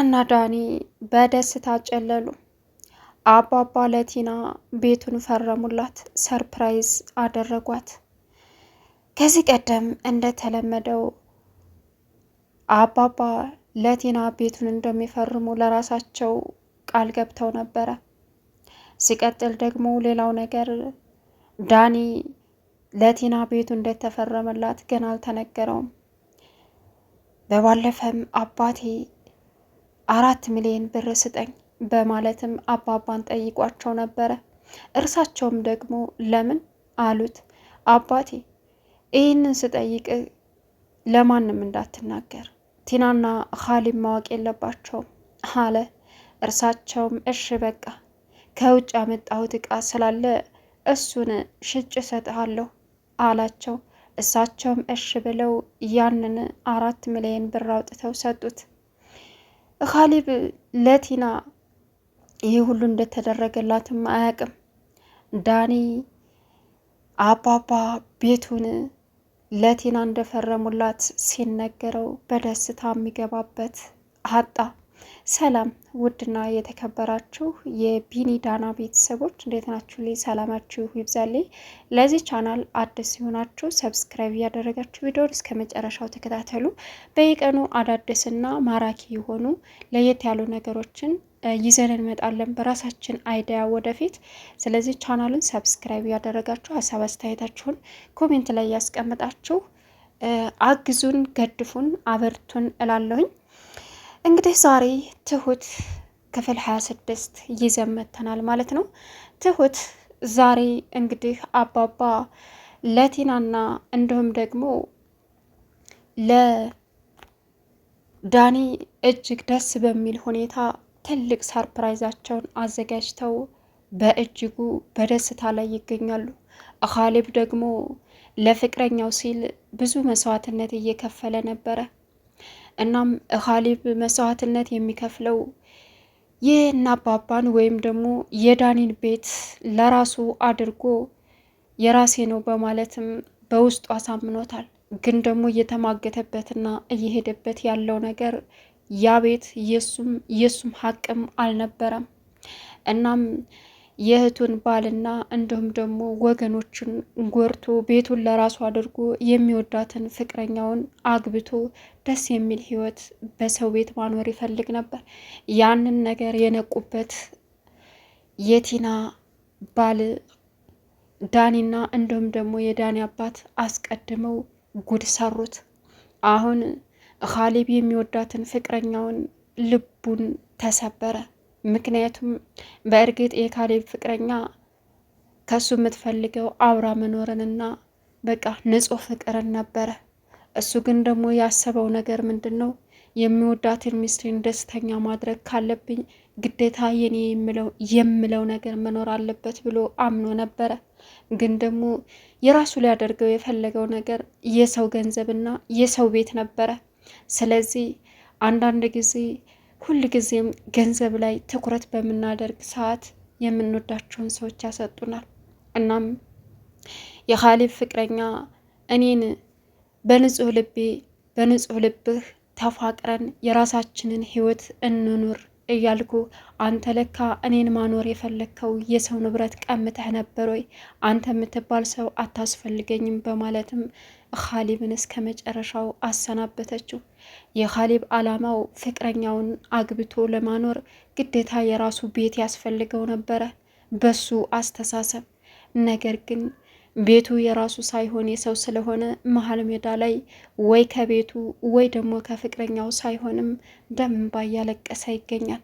ቲናና ዳኒ በደስታ ጨለሉ። አባባ ለቲና ቤቱን ፈረሙላት፣ ሰርፕራይዝ አደረጓት። ከዚህ ቀደም እንደተለመደው አባባ ለቲና ቤቱን እንደሚፈርሙ ለራሳቸው ቃል ገብተው ነበረ። ሲቀጥል ደግሞ ሌላው ነገር ዳኒ ለቲና ቤቱ እንደተፈረመላት ግን አልተነገረውም። በባለፈም አባቴ አራት ሚሊዮን ብር ስጠኝ በማለትም አባባን ጠይቋቸው ነበረ። እርሳቸውም ደግሞ ለምን አሉት። አባቴ ይህንን ስጠይቅ ለማንም እንዳትናገር ቲናና ኻሊብ ማወቅ የለባቸውም አለ። እርሳቸውም እሺ በቃ ከውጭ ያመጣሁት እቃ ስላለ እሱን ሽጭ እሰጥሃለሁ አላቸው። እሳቸውም እሺ ብለው ያንን አራት ሚሊዮን ብር አውጥተው ሰጡት። ካሌብ ለቲና ይህ ሁሉ እንደተደረገላትም አያውቅም። ዳኒ አባባ ቤቱን ለቲና እንደፈረሙላት ሲነገረው በደስታ የሚገባበት አጣ። ሰላም ውድና የተከበራችሁ የቢኒ ዳና ቤተሰቦች እንዴት ናችሁ? ልይ ሰላማችሁ ይብዛልኝ። ለዚህ ቻናል አዲስ ሲሆናችሁ ሰብስክራይብ እያደረጋችሁ ቪዲዮን እስከ መጨረሻው ተከታተሉ። በየቀኑ አዳዲስና ማራኪ የሆኑ ለየት ያሉ ነገሮችን ይዘን እንመጣለን በራሳችን አይዲያ ወደፊት። ስለዚህ ቻናሉን ሰብስክራይብ እያደረጋችሁ ሀሳብ አስተያየታችሁን ኮሜንት ላይ እያስቀመጣችሁ አግዙን፣ ገድፉን፣ አበርቱን እላለሁኝ። እንግዲህ ዛሬ ትሁት ክፍል 26 ይዘን መጥተናል ማለት ነው። ትሁት ዛሬ እንግዲህ አባባ ለቲናና እንዲሁም ደግሞ ለዳኒ እጅግ ደስ በሚል ሁኔታ ትልቅ ሰርፕራይዛቸውን አዘጋጅተው በእጅጉ በደስታ ላይ ይገኛሉ። ካሌብ ደግሞ ለፍቅረኛው ሲል ብዙ መስዋዕትነት እየከፈለ ነበረ። እናም ኻሊብ መስዋዕትነት የሚከፍለው ይህን አባባን ወይም ደግሞ የዳኒን ቤት ለራሱ አድርጎ የራሴ ነው በማለትም በውስጡ አሳምኖታል። ግን ደግሞ እየተማገተበትና እየሄደበት ያለው ነገር ያ ቤት የሱም የሱም ሀቅም አልነበረም። እናም የእህቱን ባልና እንዲሁም ደግሞ ወገኖችን ጎርቶ ቤቱን ለራሱ አድርጎ የሚወዳትን ፍቅረኛውን አግብቶ ደስ የሚል ህይወት በሰው ቤት ማኖር ይፈልግ ነበር። ያንን ነገር የነቁበት የቲና ባል ዳኒና እንዲሁም ደግሞ የዳኒ አባት አስቀድመው ጉድ ሰሩት። አሁን ኻሊብ የሚወዳትን ፍቅረኛውን ልቡን ተሰበረ። ምክንያቱም በእርግጥ የካሌብ ፍቅረኛ ከሱ የምትፈልገው አብራ መኖርንና በቃ ንጹህ ፍቅርን ነበረ። እሱ ግን ደግሞ ያሰበው ነገር ምንድን ነው? የሚወዳትን ሚስቴን ደስተኛ ማድረግ ካለብኝ ግዴታ የኔ የምለው የምለው ነገር መኖር አለበት ብሎ አምኖ ነበረ። ግን ደግሞ የራሱ ሊያደርገው የፈለገው ነገር የሰው ገንዘብና የሰው ቤት ነበረ። ስለዚህ አንዳንድ ጊዜ ጊዜም ገንዘብ ላይ ትኩረት በምናደርግ ሰዓት የምንወዳቸውን ሰዎች ያሰጡናል። እናም የኻሊብ ፍቅረኛ እኔን በንጹህ ልቤ በንጹህ ልብህ ተፋቅረን የራሳችንን ህይወት እንኑር እያልኩ አንተ ለካ እኔን ማኖር የፈለግከው የሰው ንብረት ቀምተህ ነበር ወይ? አንተ የምትባል ሰው አታስፈልገኝም በማለትም ካሊብን እስከ መጨረሻው አሰናበተችው። የኻሊብ ዓላማው ፍቅረኛውን አግብቶ ለማኖር ግዴታ የራሱ ቤት ያስፈልገው ነበረ በሱ አስተሳሰብ። ነገር ግን ቤቱ የራሱ ሳይሆን የሰው ስለሆነ መሀል ሜዳ ላይ ወይ ከቤቱ ወይ ደግሞ ከፍቅረኛው ሳይሆንም ደምባ እያለቀሰ ይገኛል።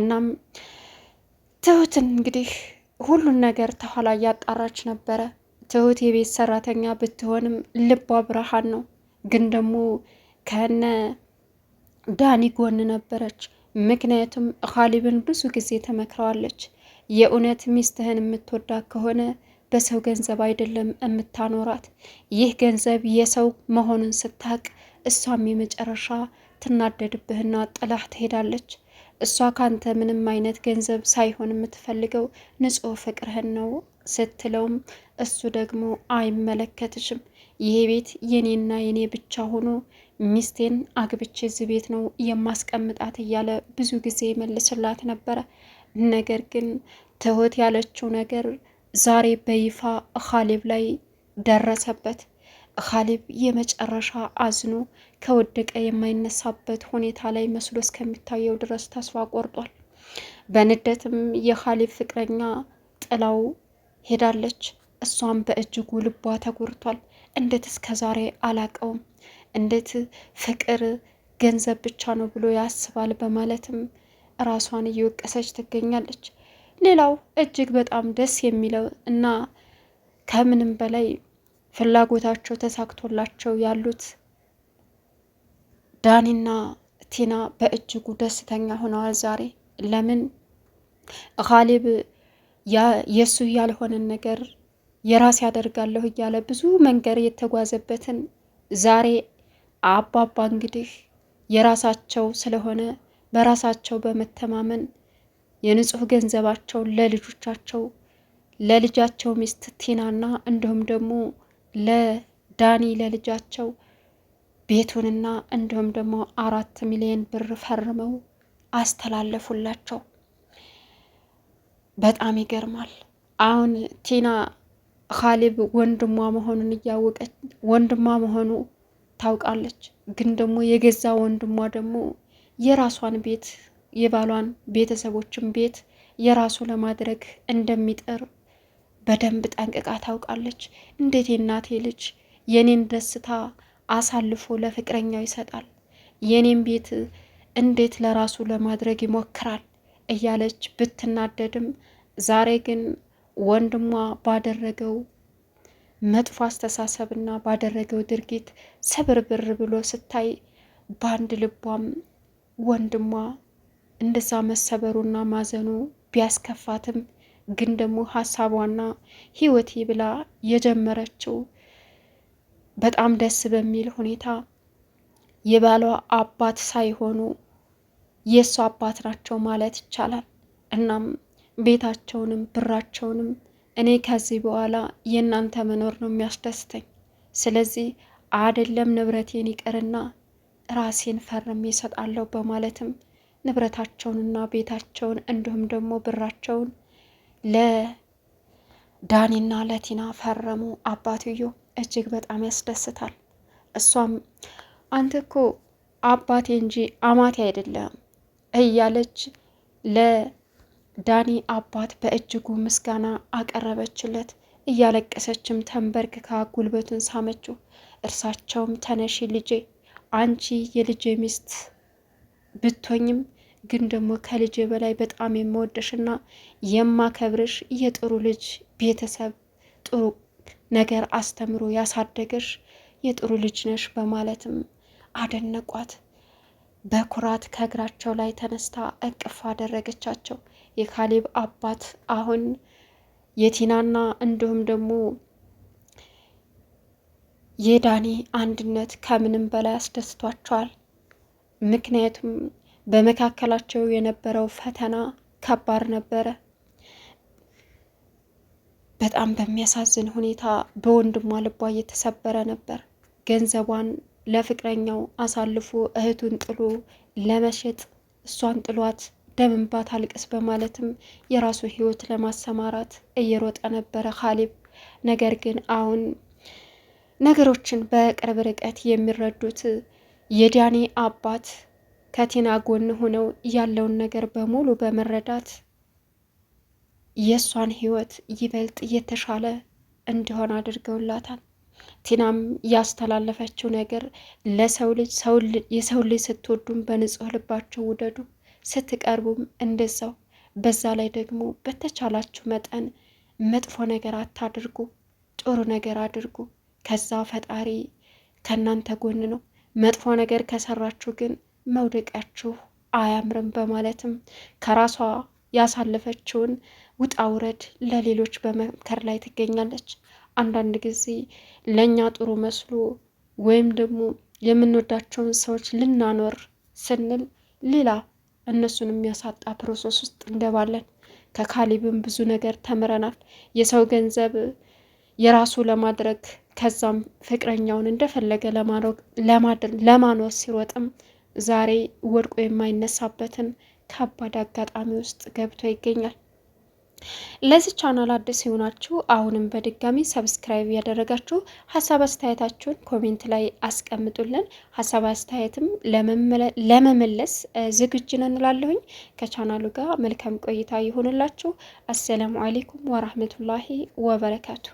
እናም ትሁትን እንግዲህ ሁሉን ነገር ተኋላ እያጣራች ነበረ። ትሁት የቤት ሰራተኛ ብትሆንም ልቧ ብርሃን ነው ግን ደግሞ ከነ ዳኒ ጎን ነበረች። ምክንያቱም ኻሊብን ብዙ ጊዜ ተመክረዋለች። የእውነት ሚስትህን የምትወዳ ከሆነ በሰው ገንዘብ አይደለም የምታኖራት። ይህ ገንዘብ የሰው መሆኑን ስታቅ እሷም የመጨረሻ ትናደድብህና ጥላህ ትሄዳለች። እሷ ካንተ ምንም አይነት ገንዘብ ሳይሆን የምትፈልገው ንጹሕ ፍቅርህን ነው ስትለውም እሱ ደግሞ አይመለከትሽም፣ ይሄ ቤት የኔና የኔ ብቻ ሆኖ ሚስቴን አግብቼ እዚህ ቤት ነው የማስቀምጣት እያለ ብዙ ጊዜ መልስላት ነበረ። ነገር ግን ትሁት ያለችው ነገር ዛሬ በይፋ ኻሊብ ላይ ደረሰበት። ኻሊብ የመጨረሻ አዝኖ ከወደቀ የማይነሳበት ሁኔታ ላይ መስሎ እስከሚታየው ድረስ ተስፋ ቆርጧል። በንደትም የኻሊብ ፍቅረኛ ጥላው ሄዳለች። እሷም በእጅጉ ልቧ ተጎድቷል። እንዴት እስከ ዛሬ አላቀውም እንዴት ፍቅር ገንዘብ ብቻ ነው ብሎ ያስባል በማለትም ራሷን እየወቀሰች ትገኛለች። ሌላው እጅግ በጣም ደስ የሚለው እና ከምንም በላይ ፍላጎታቸው ተሳክቶላቸው ያሉት ዳኒና ቲና በእጅጉ ደስተኛ ሆነዋል ዛሬ። ለምን ካሌብ የእሱ ያልሆነን ነገር የራስ ያደርጋለሁ እያለ ብዙ መንገድ የተጓዘበትን ዛሬ አባባ እንግዲህ የራሳቸው ስለሆነ በራሳቸው በመተማመን የንጹህ ገንዘባቸውን ለልጆቻቸው ለልጃቸው ሚስት ቲናና እንዲሁም ደግሞ ለዳኒ ለልጃቸው ቤቱንና እንዲሁም ደግሞ አራት ሚሊዮን ብር ፈርመው አስተላለፉላቸው። በጣም ይገርማል። አሁን ቲና ካሊብ ወንድሟ መሆኑን እያወቀች ወንድሟ መሆኑ ታውቃለች። ግን ደግሞ የገዛ ወንድሟ ደግሞ የራሷን ቤት የባሏን ቤተሰቦችን ቤት የራሱ ለማድረግ እንደሚጥር በደንብ ጠንቅቃ ታውቃለች። እንዴት የእናቴ ልጅ የኔን ደስታ አሳልፎ ለፍቅረኛው ይሰጣል? የኔን ቤት እንዴት ለራሱ ለማድረግ ይሞክራል? እያለች ብትናደድም ዛሬ ግን ወንድሟ ባደረገው መጥፎ አስተሳሰብና ባደረገው ድርጊት ስብርብር ብሎ ስታይ በአንድ ልቧም ወንድሟ እንደዛ መሰበሩና ማዘኑ ቢያስከፋትም ግን ደግሞ ሀሳቧና ህይወቴ ብላ የጀመረችው በጣም ደስ በሚል ሁኔታ የባሏ አባት ሳይሆኑ የእሷ አባት ናቸው ማለት ይቻላል። እናም ቤታቸውንም ብራቸውንም እኔ ከዚህ በኋላ የእናንተ መኖር ነው የሚያስደስተኝ። ስለዚህ አደለም ንብረቴን ይቅርና ራሴን ፈርሜ ይሰጣለሁ በማለትም ንብረታቸውንና ቤታቸውን እንዲሁም ደግሞ ብራቸውን ለዳኒና ለቲና ፈረሙ። አባትዮ እጅግ በጣም ያስደስታል። እሷም አንተ እኮ አባቴ እንጂ አማቴ አይደለም እያለች ለ ዳኒ አባት በእጅጉ ምስጋና አቀረበችለት። እያለቀሰችም ተንበርክካ ጉልበቱን ሳመችው። እርሳቸውም ተነሺ ልጄ፣ አንቺ የልጄ ሚስት ብቶኝም ግን ደግሞ ከልጄ በላይ በጣም የምወደሽና የማከብርሽ የጥሩ ልጅ ቤተሰብ ጥሩ ነገር አስተምሮ ያሳደገሽ የጥሩ ልጅ ነሽ በማለትም አደነቋት። በኩራት ከእግራቸው ላይ ተነስታ እቅፍ አደረገቻቸው። የካሌብ አባት አሁን የቲናና እንዲሁም ደግሞ የዳኒ አንድነት ከምንም በላይ አስደስቷቸዋል። ምክንያቱም በመካከላቸው የነበረው ፈተና ከባድ ነበረ። በጣም በሚያሳዝን ሁኔታ በወንድሟ ልቧ እየተሰበረ ነበር። ገንዘቧን ለፍቅረኛው አሳልፎ እህቱን ጥሎ ለመሸጥ እሷን ጥሏት ደምንባት አልቅስ በማለትም የራሱ ህይወት ለማሰማራት እየሮጠ ነበረ ካሊብ። ነገር ግን አሁን ነገሮችን በቅርብ ርቀት የሚረዱት የዳኒ አባት ከቲና ጎን ሆነው ያለውን ነገር በሙሉ በመረዳት የእሷን ህይወት ይበልጥ እየተሻለ እንዲሆን አድርገውላታል። ቲናም ያስተላለፈችው ነገር ለሰው ልጅ የሰው ልጅ ስትወዱም በንጹህ ልባቸው ውደዱ ስትቀርቡም እንደዛው። በዛ ላይ ደግሞ በተቻላችሁ መጠን መጥፎ ነገር አታድርጉ፣ ጥሩ ነገር አድርጉ። ከዛ ፈጣሪ ከእናንተ ጎን ነው። መጥፎ ነገር ከሰራችሁ ግን መውደቂያችሁ አያምርም በማለትም ከራሷ ያሳለፈችውን ውጣ ውረድ ለሌሎች በመምከር ላይ ትገኛለች። አንዳንድ ጊዜ ለእኛ ጥሩ መስሎ ወይም ደግሞ የምንወዳቸውን ሰዎች ልናኖር ስንል ሌላ እነሱን የሚያሳጣ ፕሮሰስ ውስጥ እንገባለን። ከካሊብም ብዙ ነገር ተምረናል። የሰው ገንዘብ የራሱ ለማድረግ ከዛም ፍቅረኛውን እንደፈለገ ለማኖር ሲሮጥም ዛሬ ወድቆ የማይነሳበትን ከባድ አጋጣሚ ውስጥ ገብቶ ይገኛል። ለዚህ ቻናል አዲስ የሆናችሁ አሁንም በድጋሚ ሰብስክራይብ ያደረጋችሁ ሀሳብ አስተያየታችሁን ኮሜንት ላይ አስቀምጡልን። ሀሳብ አስተያየትም ለመመለስ ዝግጁ ነን እላለሁኝ። ከቻናሉ ጋር መልካም ቆይታ ይሆንላችሁ። አሰላሙ አሌይኩም ወራህመቱላሂ ወበረካቱ